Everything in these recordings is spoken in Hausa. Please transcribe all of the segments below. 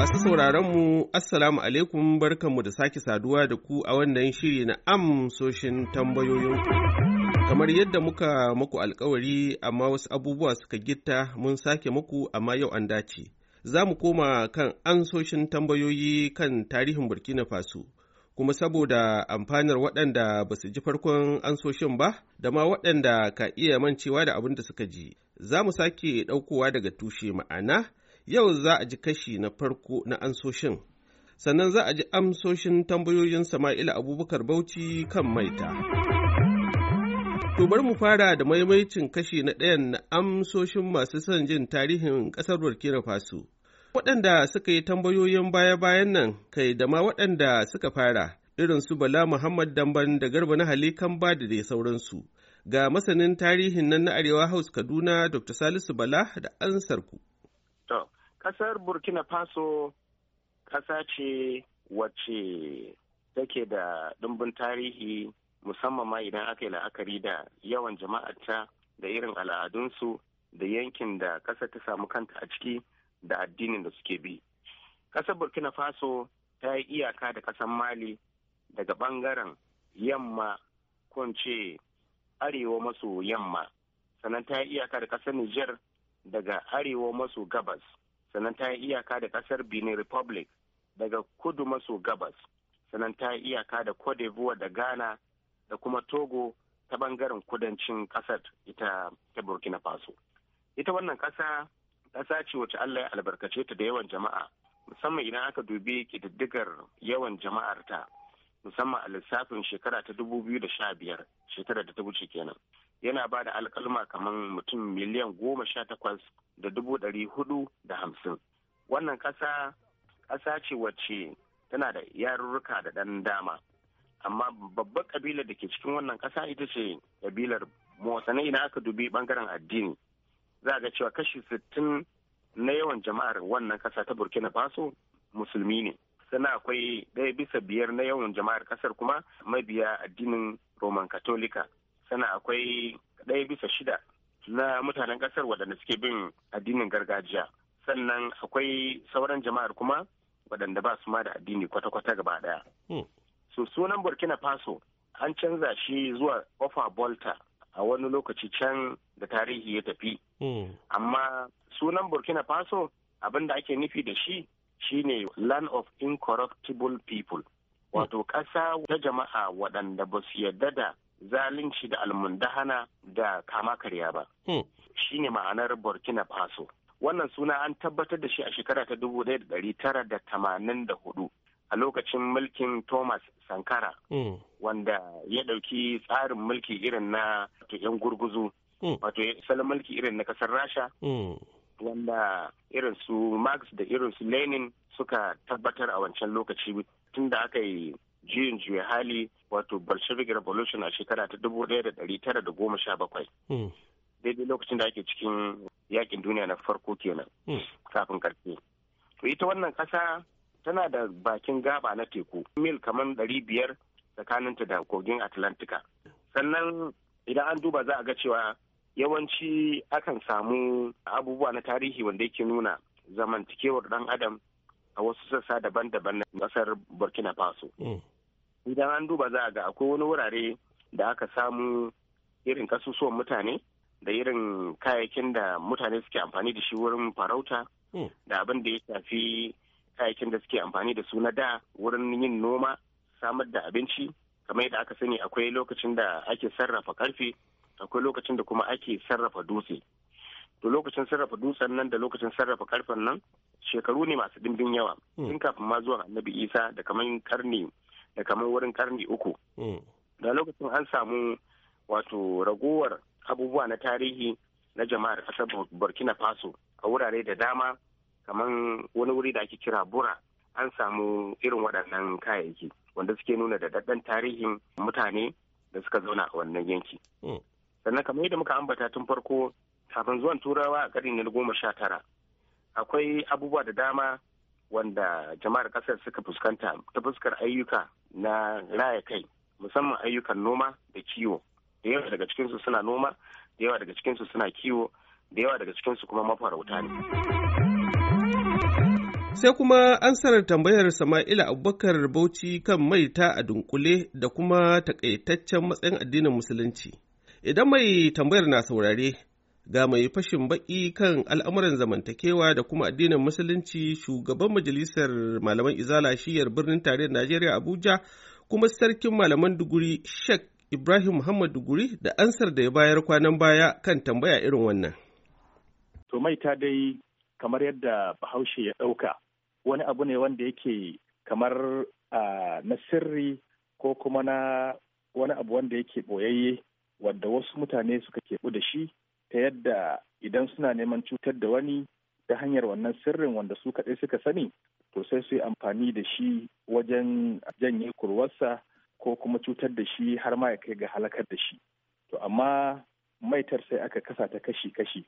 Masu mu Assalamu alaikum barkanmu da sake saduwa da ku a wannan shiri na amsoshin tambayoyin. Kamar yadda muka muku alkawari amma wasu abubuwa suka gitta mun sake muku amma yau an dace. Za mu koma kan ansoshin tambayoyi kan tarihin Burkina Faso. kuma saboda amfanar waɗanda ba su ji farkon ansoshin ba da ma waɗanda ka iya mancewa da abin da suka ji za mu sake ɗaukowa daga tushe ma'ana Yau za a ji kashi na farko na ansoshin, sannan za a ji amsoshin tambayoyin Sama'ila Abubakar Bauchi kan maita. To bari mu fara da maimaicin kashi na ɗayan na amsoshin masu son jin tarihin ƙasar Burkina Faso. Waɗanda suka yi tambayoyin baya-bayan nan kai da ma waɗanda suka fara irin su Bala Muhammad Damban da Garba na Halikan ba da dai sauransu. Ga masanin tarihin nan na Arewa House Kaduna Dr. Salisu Bala da ansarku. Ƙasar Burkina Faso ƙasa ce wacce take da ɗumbin tarihi musamman ma idan aka yi la'akari da yawan jama'arta da irin al'adunsu da yankin da ƙasa ta samu kanta a ciki da addinin da suke bi. Ƙasar Burkina Faso ta yi iyaka da ƙasar Mali daga ɓangaren yamma kunce arewa maso yamma sannan ta yi iyaka da ƙasar Nijar daga arewa maso gabas sannan ta yi iyaka da kasar benin republic daga kudu maso gabas sannan ta yi iyaka da cote d'ivoire da ghana da kuma togo ta bangaren kudancin kasar ita ta burkina faso ita wannan kasa kasa ce wacce allah ya albarkace ta da yawan jama'a musamman idan aka dubi ƙididdigar yawan jama'ar ta musamman a lissafin shekara ta 2015 shekarar da ta wuce kenan yana ba da alkalma kamar mutum miliyan goma sha takwas da dubu ɗari hudu da hamsin wannan ƙasa ƙasa ce wacce tana da yarurruka da ɗan dama amma babbar ƙabilar da ke cikin wannan ƙasa ita ce ƙabilar na idan aka dubi ɓangaren addini za ga cewa kashi sittin na yawan jama'ar wannan ƙasa ta burkina faso musulmi ne sannan akwai ɗaya bisa biyar na yawan jama'ar ƙasar kuma mabiya addinin roman katolika sana akwai ɗaya bisa shida na mutanen ƙasar waɗanda suke bin addinin gargajiya sannan akwai sauran jama'ar kuma waɗanda ba su ma da addini kwata-kwata gaba ɗaya. Hmm. So sunan Burkina Faso an canza shi zuwa Ofa Bolta a wani lokaci can da tarihi ya tafi. Hmm. Amma sunan Burkina Faso abin da ake nufi da shi shi ne land of incorruptible people. Hmm. Wato ƙasa ta jama'a waɗanda ba su yarda da zalunci da almundahana da kama karya ba. Hmm. Shi ne ma'anar Burkina Faso. Wannan suna an tabbatar da shi a shekara ta dubu da da tara da tamanin da hudu a lokacin mulkin Thomas Sankara hmm. wanda ya ɗauki tsarin mulki irin na 'yan gurguzu hmm. wato salon mulki irin na ƙasar Rasha wanda irin su Marx da irin su Lenin suka tabbatar a wancan lokaci tun da aka yi juyin juya hali wato bolshevik revolution a shekara ta dubu ɗaya da ɗari tara da goma sha bakwai hmm. daidai lokacin da ake cikin yakin duniya na farko kenan hmm. kafin karfe to ita wannan ƙasa tana da bakin gaba na teku mil kamar ɗari biyar tsakaninta da kogin atlantika sannan idan an duba za a ga cewa yawanci akan samu abubuwa na tarihi wanda yake nuna zamantakewar ɗan adam a wasu sassa daban-daban na kasar burkina faso hmm. idan an duba za a ga akwai wani wurare da aka samu irin kasusuwan mutane da irin kayayyakin da mutane suke amfani da shi wurin farauta hmm. da abin da ya shafi kayayyakin da suke amfani da su na da wurin yin noma samar da abinci kamar yadda aka sani akwai lokacin da ake sarrafa karfe akwai lokacin da kuma ake sarrafa dutse to lokacin sarrafa dutsen nan da lokacin sarrafa karfen nan shekaru ne masu dimbin yawa hmm. tun kafin ma zuwa annabi isa da kamar karni da kamar wurin karni uku hmm. da lokacin an samu wato ragowar abubuwa na tarihi na jama'ar kasar burkina faso a wurare da dama kamar wani wuri da ake kira bura an samu irin waɗannan kayayyaki wanda suke nuna da daɗɗan tarihin mutane da suka zauna a wannan yanki hmm. sannan kamar yadda muka ambata tun farko kafin zuwan turawa a ƙarni na goma sha tara akwai abubuwa da dama wanda jama'ar ƙasar suka fuskanta ta fuskar ayyuka na raya kai musamman ayyukan noma da kiwo da yawa daga cikinsu suna noma da yawa daga cikinsu suna kiwo da yawa daga cikinsu kuma mafarauta ne. Sai kuma an sanar tambayar Sama'ila Abubakar Bauchi kan maita a dunkule da kuma takaitaccen matsayin addinin Musulunci. Idan mai tambayar na saurare, ga mai fashin baƙi kan al'amuran zamantakewa da kuma addinin musulunci shugaban majalisar malaman izala shiyar birnin tarayyar najeriya abuja kuma sarkin malaman duguri sheikh ibrahim muhammad duguri da ansar da ya bayar kwanan baya kan tambaya irin wannan to maita dai kamar yadda bahaushe ya ɗauka wani abu ne wanda yake kamar na sirri ko kuma na wani abu wanda yake ɓoyayye wanda wasu mutane suka keɓu da shi ta yadda idan suna neman cutar da wani ta hanyar wannan sirrin wanda su kaɗai suka sani to sai su yi amfani da shi wajen janye kurwarsa ko kuma cutar da shi har ma ya kai ga halakar da shi to amma maitar sai aka kasa ta kashi-kashi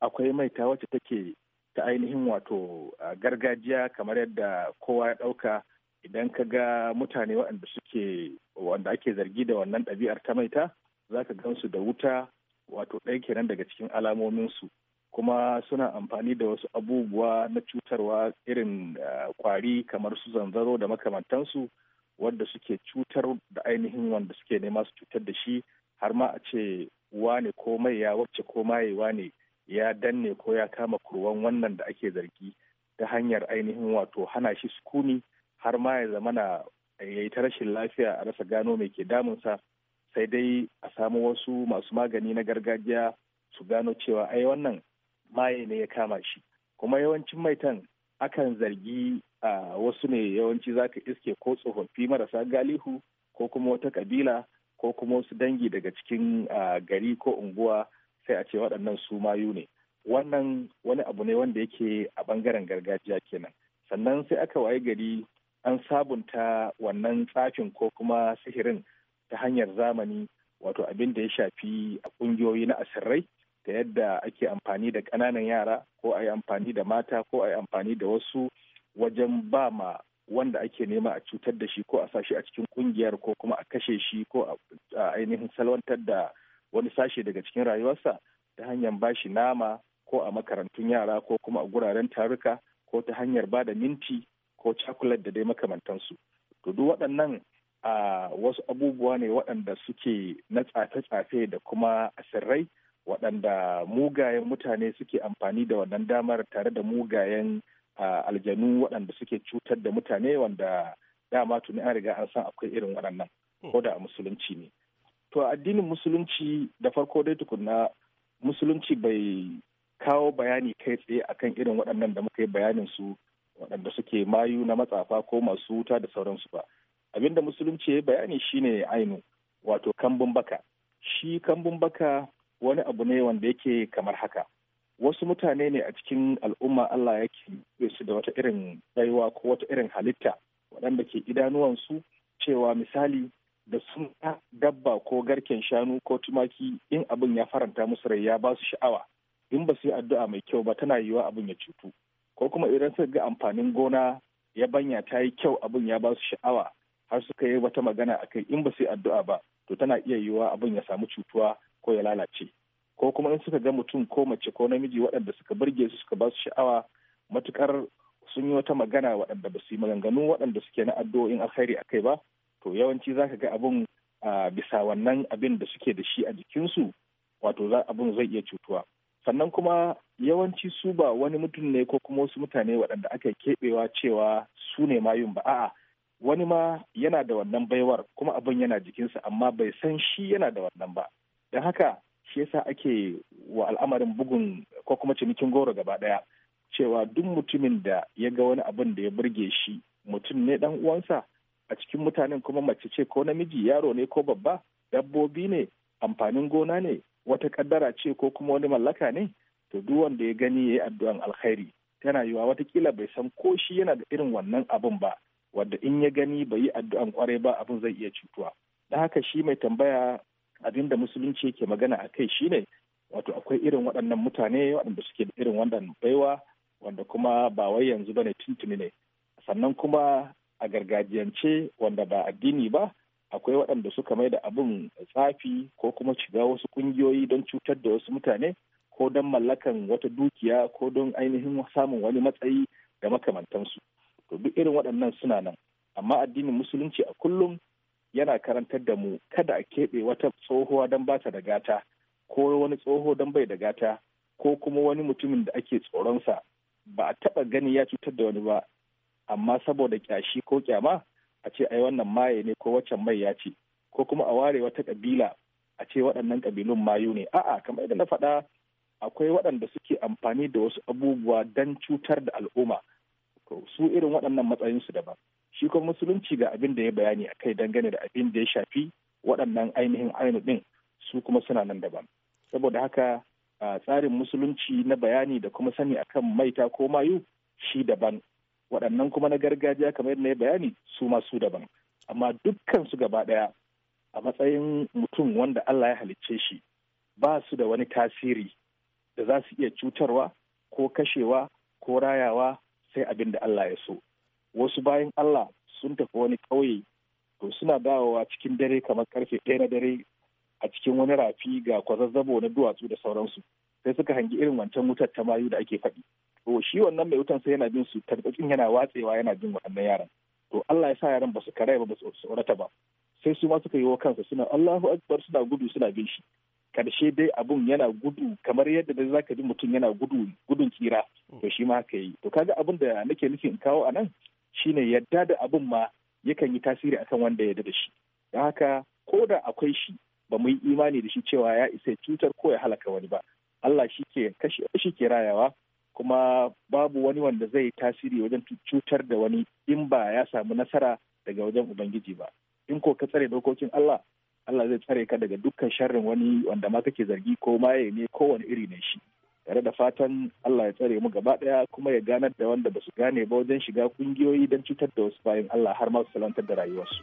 akwai maita wacce take ta ainihin wato gargajiya kamar yadda kowa ya ɗauka idan ka ga mutane waɗanda suke wanda ake zargi da wannan ɗabi'ar ta maita za ka gansu da wuta wato ɗaya kenan daga cikin alamominsu kuma suna amfani da wasu abubuwa na cutarwa irin eh, kwari kamar su zanzaro da makamantansu wadda suke cutar da ainihin wanda suke nema su cutar da shi har ma a ce wane ko mai ya wacce ko mayewa ne ya danne ko ya kama kurwan wannan da ake zargi ta hanyar ainihin wato hana shi sukuni har ma ya zamana eh, ya yi ta rashin lafiya a rasa gano mai ke damunsa sai dai a samu wasu masu magani na gargajiya su gano cewa ai wannan maye ne ya kama shi kuma yawancin maitan akan zargi a wasu ne yawanci za ka iske ko tsofaffi marasa galihu ko kuma wata kabila ko kuma wasu dangi daga cikin gari ko unguwa sai a ce waɗannan su mayu ne wannan wani abu ne wanda yake a ɓangaren gargajiya kenan sannan sai aka waye gari an sabunta wannan tsafin ko kuma sihirin ta hanyar zamani wato abin da ya shafi a ƙungiyoyi na asirrai ta yadda ake amfani da ƙananan yara ko a yi amfani da mata ko a yi amfani da wasu wajen ba ma wanda ake nema a cutar da shi ko a sashi a cikin ƙungiyar ko kuma a kashe shi ko a ainihin salwantar da wani sashe daga cikin rayuwarsa ta hanyar ba shi nama ko a makarantun yara ko kuma a guraren taruka ko ta hanyar ba da minti ko cakulat da dai makamantansu to duk waɗannan a wasu abubuwa ne waɗanda suke na tsafe-tsafe da kuma asirrai waɗanda mugayen mutane suke amfani da wannan damar tare da mugayen aljanu waɗanda suke cutar da mutane wanda dama tuni an riga an san akwai irin waɗannan ko da a musulunci ne to addinin musulunci da farko dai tukunna musulunci bai kawo bayani kai tsaye akan irin waɗannan da muka yi bayanin su waɗanda suke mayu na matsafa ko masu wuta da sauransu ba abinda musulunci ya bayani shine ainu wato kambun baka shi kambun baka wani abu ne wanda yake kamar haka wasu mutane ne a cikin al'umma Allah ya keɓe su da wata irin baiwa ko wata irin halitta waɗanda ke idanuwansu cewa misali da sun dabba ko garken shanu ko tumaki in abin ya faranta musu rai ya ba su sha'awa in ba su yi addu'a mai kyau ba tana yiwa abin ya cutu ko kuma idan suka ga amfanin gona ya banya ta yi kyau abin ya ba su sha'awa har suka yi wata magana a kai in ba su yi addu'a ba to tana iya yiwuwa abin ya samu cutuwa ko ya lalace ko kuma in suka ga mutum ko mace ko namiji waɗanda suka burge su suka ba su sha'awa matukar sun yi wata magana waɗanda ba su yi maganganu waɗanda suke na addu'o'in alkhairi akai ba to yawanci za ka ga abin bisa wannan abin da suke da shi a jikinsu wato za abin zai iya cutuwa sannan kuma yawanci su ba wani mutum ne ko kuma wasu mutane waɗanda aka keɓewa cewa su ne mayun ba a'a wani ma yana da wannan baiwar kuma abin yana jikinsa amma bai san shi yana da wannan ba don haka shi yasa ake wa al'amarin bugun ko kuma cinikin goro gaba daya cewa duk mutumin da ya ga wani abin da ya burge shi mutum ne dan uwansa a cikin mutanen kuma mace ce ko namiji yaro ne ko babba dabbobi ne amfanin gona ne wata kaddara ce ko kuma wani mallaka ne to duk wanda ya gani ya yi addu'an alkhairi tana yiwa watakila bai san ko shi yana da irin wannan abin ba wanda in ya gani bai yi addu'an kwarai ba abin zai iya cutuwa da haka shi mai tambaya abin da musulunci yake magana a kai shine wato akwai irin waɗannan mutane waɗanda suke da irin wannan baiwa wanda kuma ba wai yanzu bane tuntuni ne sannan kuma a gargajiyance wanda ba addini ba akwai waɗanda suka mai da abin tsafi ko kuma shiga wasu ƙungiyoyi don cutar da wasu mutane ko don mallakan wata dukiya ko don ainihin samun wani matsayi da makamantansu to duk irin waɗannan suna nan amma addinin musulunci a kullum yana karantar da mu kada a keɓe wata tsohuwa don ba ta da gata ko wani tsoho don bai da gata ko kuma wani mutumin da ake tsoronsa ba a taɓa gani ya cutar da wani ba amma saboda kyashi ko kyama a ce ai wannan maye ne ko waccan mai ya ce ko kuma a ware wata ƙabila a ce waɗannan ƙabilun mayu ne a'a kamar yadda na faɗa akwai waɗanda suke amfani da wasu abubuwa don cutar da al'umma su irin waɗannan matsayin su daban shi kuma musulunci ga abin da ya bayani a kai dangane da abin da ya shafi waɗannan ainihin ainu ɗin su kuma suna nan daban saboda haka tsarin musulunci na bayani da kuma sani akan maita ko mayu shi daban waɗannan kuma na gargajiya kamar yadda ya bayani su ma su daban amma dukkan su gaba ɗaya a matsayin mutum wanda Allah ya halicce shi ba su da wani tasiri da za su iya cutarwa ko kashewa ko rayawa sai abin da Allah ya so wasu bayan Allah sun tafi wani ƙauye to suna dawowa cikin dare kamar karfe ɗaya na dare a cikin wani rafi ga kwazazzabo na duwatsu da sauransu sai suka hangi irin wancan wutar ta mayu da ake faɗi to shi wannan mai wutan sai yana bin su tarbatsin yana watsewa yana bin waɗannan yaran to Allah ya sa yaran ba su karaya ba ba su tsorata ba sai su ma suka yi wa kansa suna Allahu akbar suna gudu suna bin shi karshe dai abun yana gudu kamar yadda dai zaka ji mutum yana gudu gudun tsira to shi ma haka yi to kaga abun da nake nufin in kawo anan shine yadda da abun ma yakan yi tasiri akan wanda ya da shi don haka ko da akwai shi ba mu yi imani da shi cewa ya isa cutar ko ya halaka wani ba Allah shi ke kashi shi ke rayawa kuma babu wani wanda zai tasiri wajen cutar da wani in ba ya samu nasara daga wajen ubangiji ba in ko ka tsare dokokin Allah Allah zai tsare ka daga dukkan sharrin wani wanda ma kake zargi ko maye ne kowane iri ne shi tare da fatan Allah ya tsare mu gaba ɗaya kuma ya ganar da wanda ba su gane ba wajen shiga kungiyoyi don cutar da wasu bayan Allah har ma su salantar da rayuwarsu.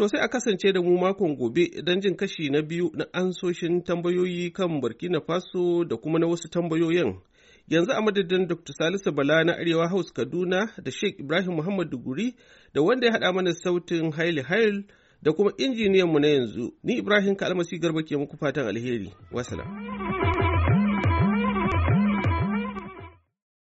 To sai a kasance da mu makon gobe don jin kashi na biyu na ansoshin tambayoyi kan Burkina Faso da kuma na wasu tambayoyin. Yanzu a madadin Dr. Salisu Bala na Arewa House Kaduna da Sheikh Ibrahim Muhammadu Guri da wanda ya haɗa mana sautin Haile Haile da kuma injiniyanmu na yanzu ni Ibrahim Kalmasi Garba ke muku fatan alheri. wasala